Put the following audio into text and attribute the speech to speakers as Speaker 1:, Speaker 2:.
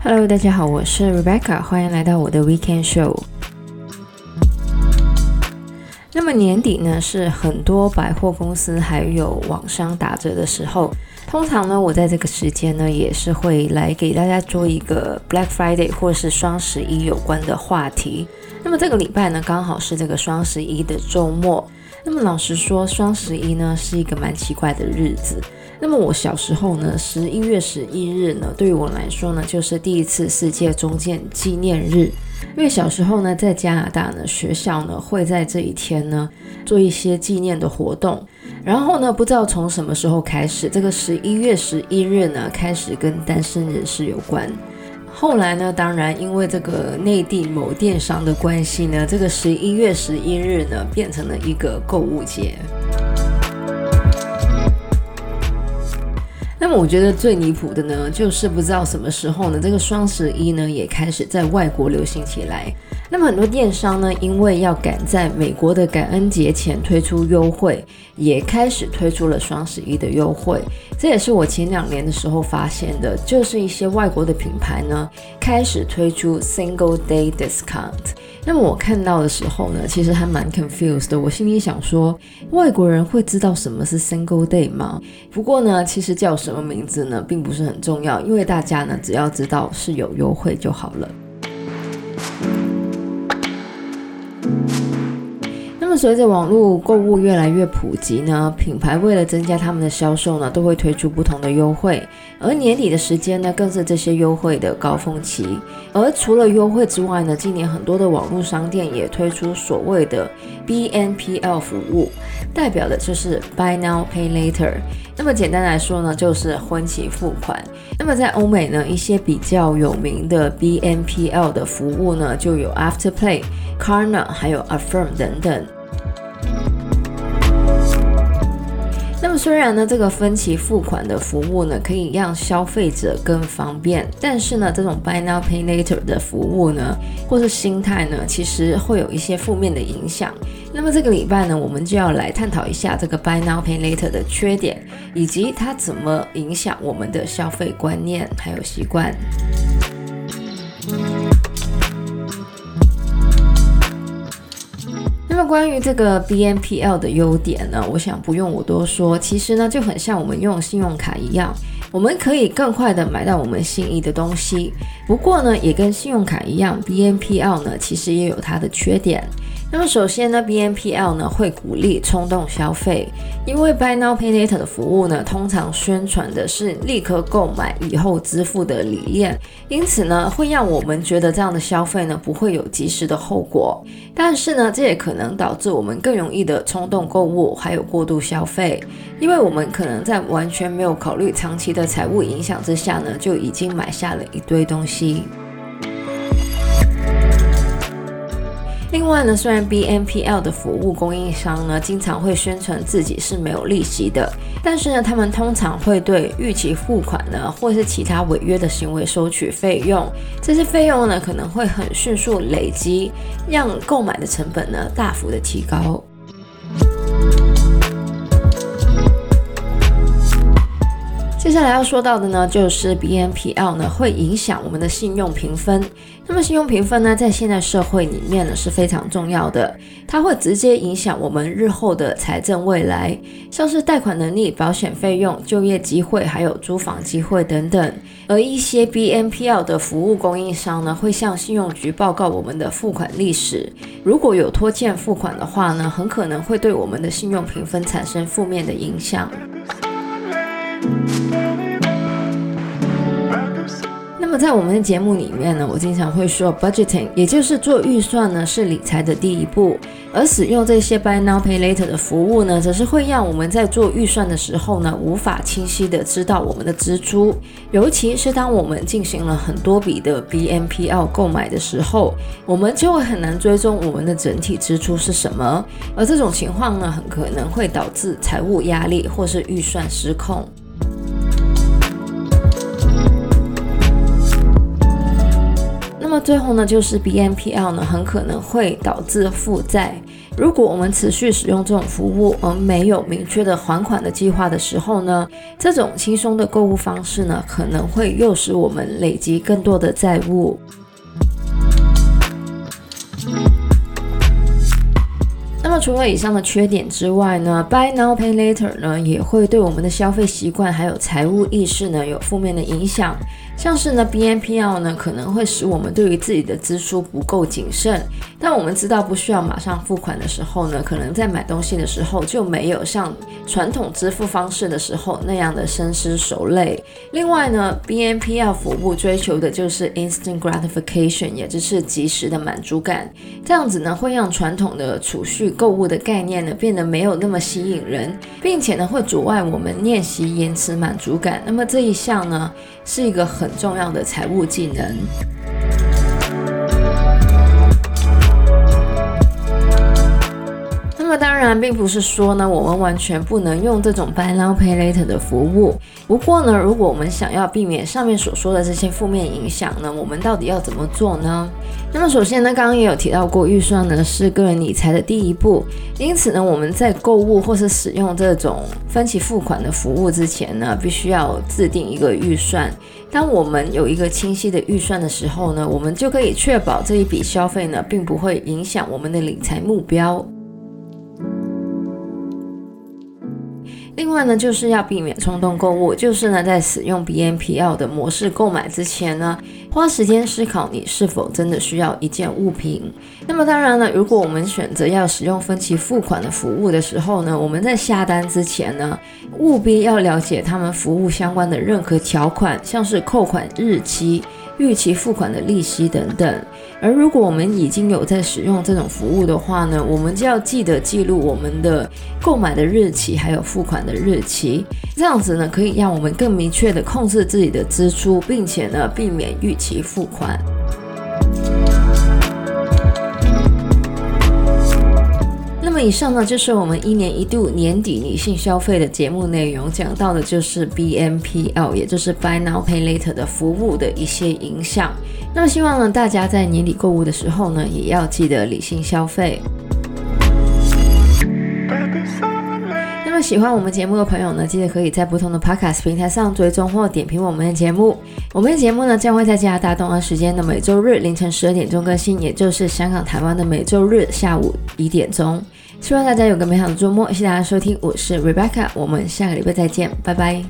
Speaker 1: Hello，大家好，我是 Rebecca，歡迎來到我的 Weekend Show。那麼年底呢，是很多百貨公司還有網商打折的時候。通常呢，我在這個時間呢，也是會來給大家做一個 Black Friday 或是雙十一有關的話題。那麼這個禮拜呢，剛好是這個雙十一的週末。那麼老實說，雙十一呢，是一個蠻奇怪的日子。那麼我小時候呢，十一月十一日呢，對於我來說呢，就是第一次世界中建紀念日。因為小時候呢，在加拿大呢，學校呢會在這一天呢做一些紀念的活動，然後呢，不知道從什麼時候開始，這個十一月十一日呢開始跟單身人士有關。後來呢，當然因為這個內地某電商的關係呢，這個十一月十一日呢變成了一個購物節。那麼我覺得最離譜的呢，就是不知道什麼時候呢，這個雙十一呢，也開始在外國流行起來。那麼很多電商呢，因為要趕在美國的感恩節前推出優惠，也開始推出了雙十一的優惠。這也是我前兩年的時候發現的，就是一些外國的品牌呢，開始推出 single day discount。那麼我看到的時候呢，其實還蠻 confused 的，我心裡想說，外國人會知道什麼是 single day 嗎？不過呢，其實叫什麼名字呢，並不是很重要，因為大家呢，只要知道是有優惠就好了。那麼隨着網絡購物越來越普及呢，品牌為了增加他們的銷售呢，都會推出不同的優惠，而年底的時間呢，更是這些優惠的高峰期。而除了優惠之外呢，今年很多的網絡商店也推出所謂的 BNPL 服務，代表的就是 Buy Now Pay Later。那麼簡單來說呢，就是分期付款。那麼在歐美呢，一些比較有名的 BNPL 的服務呢，就有 Afterpay、Klarna 還有 Affirm 等等。那麼雖然呢，這個分期付款的服務呢，可以讓消費者更方便，但是呢，這種 Buy Now Pay Later 的服務呢，或是心態呢，其實會有一些負面的影響。那麼這個禮拜呢，我們就要來探討一下這個 Buy Now Pay Later 的缺點，以及它怎麼影響我們的消費觀念還有習慣。那關於這個 BNPL 的優點呢？我想不用我多說，其實呢就很像我們用信用卡一樣，我們可以更快的買到我們心儀的東西。不過呢，也跟信用卡一樣，BNPL 呢其實也有它的缺點。那麼首先呢，BNPL 呢會鼓勵衝動消費，因為 Buy Now Pay Later 的服務呢，通常宣傳的是立刻購買以後支付的理念，因此呢，會讓我們覺得這樣的消費呢不會有即時的後果。但是呢，這也可能導致我們更容易的衝動購物，還有過度消費，因為我們可能在完全沒有考慮長期的財務影響之下呢，就已經買下了一堆東西。另外呢，雖然 BNPL 的服務供應商呢經常會宣稱自己是沒有利息的，但是呢，他們通常會對逾期付款呢或是其他違約的行為收取費用，這些費用呢可能會很迅速累積，讓購買的成本呢大幅的提高。接下來要說到的呢，就是 BNPL 呢會影響我們的信用評分。那麼信用評分呢，在現在社會裡面呢是非常重要的，它會直接影響我們日後的財政未來，像是貸款能力、保險費用、就業機會、還有租房機會等等。而一些 BNPL 的服務供應商呢，會向信用局報告我們的付款歷史。如果有拖欠付款的話呢，很可能會對我們的信用評分產生負面的影響。在我們的節目裡面呢，我經常會說 budgeting，也就是做預算呢是理財的第一步。而使用這些 Buy Now Pay Later 的服務呢，則是會讓我們在做預算的時候呢，無法清晰地知道我們的支出。尤其是當我們進行了很多筆的 BNPL 購買的時候，我們就會很難追蹤我們的整體支出是什麼。而這種情況呢，很可能會導致財務壓力或是預算失控。最後呢，就是 BNPL 呢很可能會導致負債。如果我們持續使用這種服務而沒有明確的還款的計劃的時候呢，這種輕鬆的購物方式呢，可能會誘使我們累積更多的債務。嗯、那麼除了以上的缺點之外呢，Buy Now Pay Later 呢也會對我們的消費習慣還有財務意識呢有負面的影響。像是呢，BNPL 呢可能會使我們對於自己的支出不夠謹慎。當我們知道不需要馬上付款的時候呢，可能在買東西的時候就沒有像傳統支付方式的時候那樣的深思熟慮。另外呢，BNPL 服務追求的就是 instant gratification，也就是即時的滿足感。這樣子呢，會讓傳統的儲蓄購物的概念呢變得沒有那麼吸引人，並且呢會阻礙我們練習延遲滿足感。那麼這一項呢是一個很很重要的財務技能。但並不是說呢，我們完全不能用這種 Buy Now Pay Later 的服務。不過呢，如果我們想要避免上面所說的這些負面影響呢，我們到底要怎麼做呢？那麼首先呢，剛剛也有提到過，預算呢是個人理財的第一步。因此呢，我們在購物或是使用這種分期付款的服務之前呢，必須要制定一個預算。當我們有一個清晰的預算的時候呢，我們就可以確保這一筆消費呢，並不會影響我們的理財目標。另外呢，就是要避免衝動購物，就是呢，在使用 BNPL 的模式購買之前呢，花時間思考你是否真的需要一件物品。那麼當然了，如果我們選擇要使用分期付款的服務的時候呢，我們在下單之前呢，務必要了解他們服務相關的任何條款，像是扣款日期。逾期付款的利息等等，而如果我們已經有在使用這種服務的話呢，我們就要記得記錄我們的購買的日期，還有付款的日期，這樣子呢，可以讓我們更明確的控制自己的支出，並且呢，避免逾期付款。以上呢就是我們一年一度年底理性消費的節目內容，講到的就是 BNPL，也就是 Buy Now Pay Later 的服務的一些影響。那麼希望呢大家在年底購物的時候呢，也要記得理性消費。 那麼喜歡我們節目的朋友呢，記得可以在不同的 Podcast 平台上追蹤或點評我們的節目。我們的節目呢將會在加拿大東岸時間的每周日凌晨十二點鐘更新，也就是香港、台灣的每周日下午一點鐘。希望大家有個美好的周末，謝謝大家收聽，我是 Rebecca，我們下個禮拜再見，拜拜。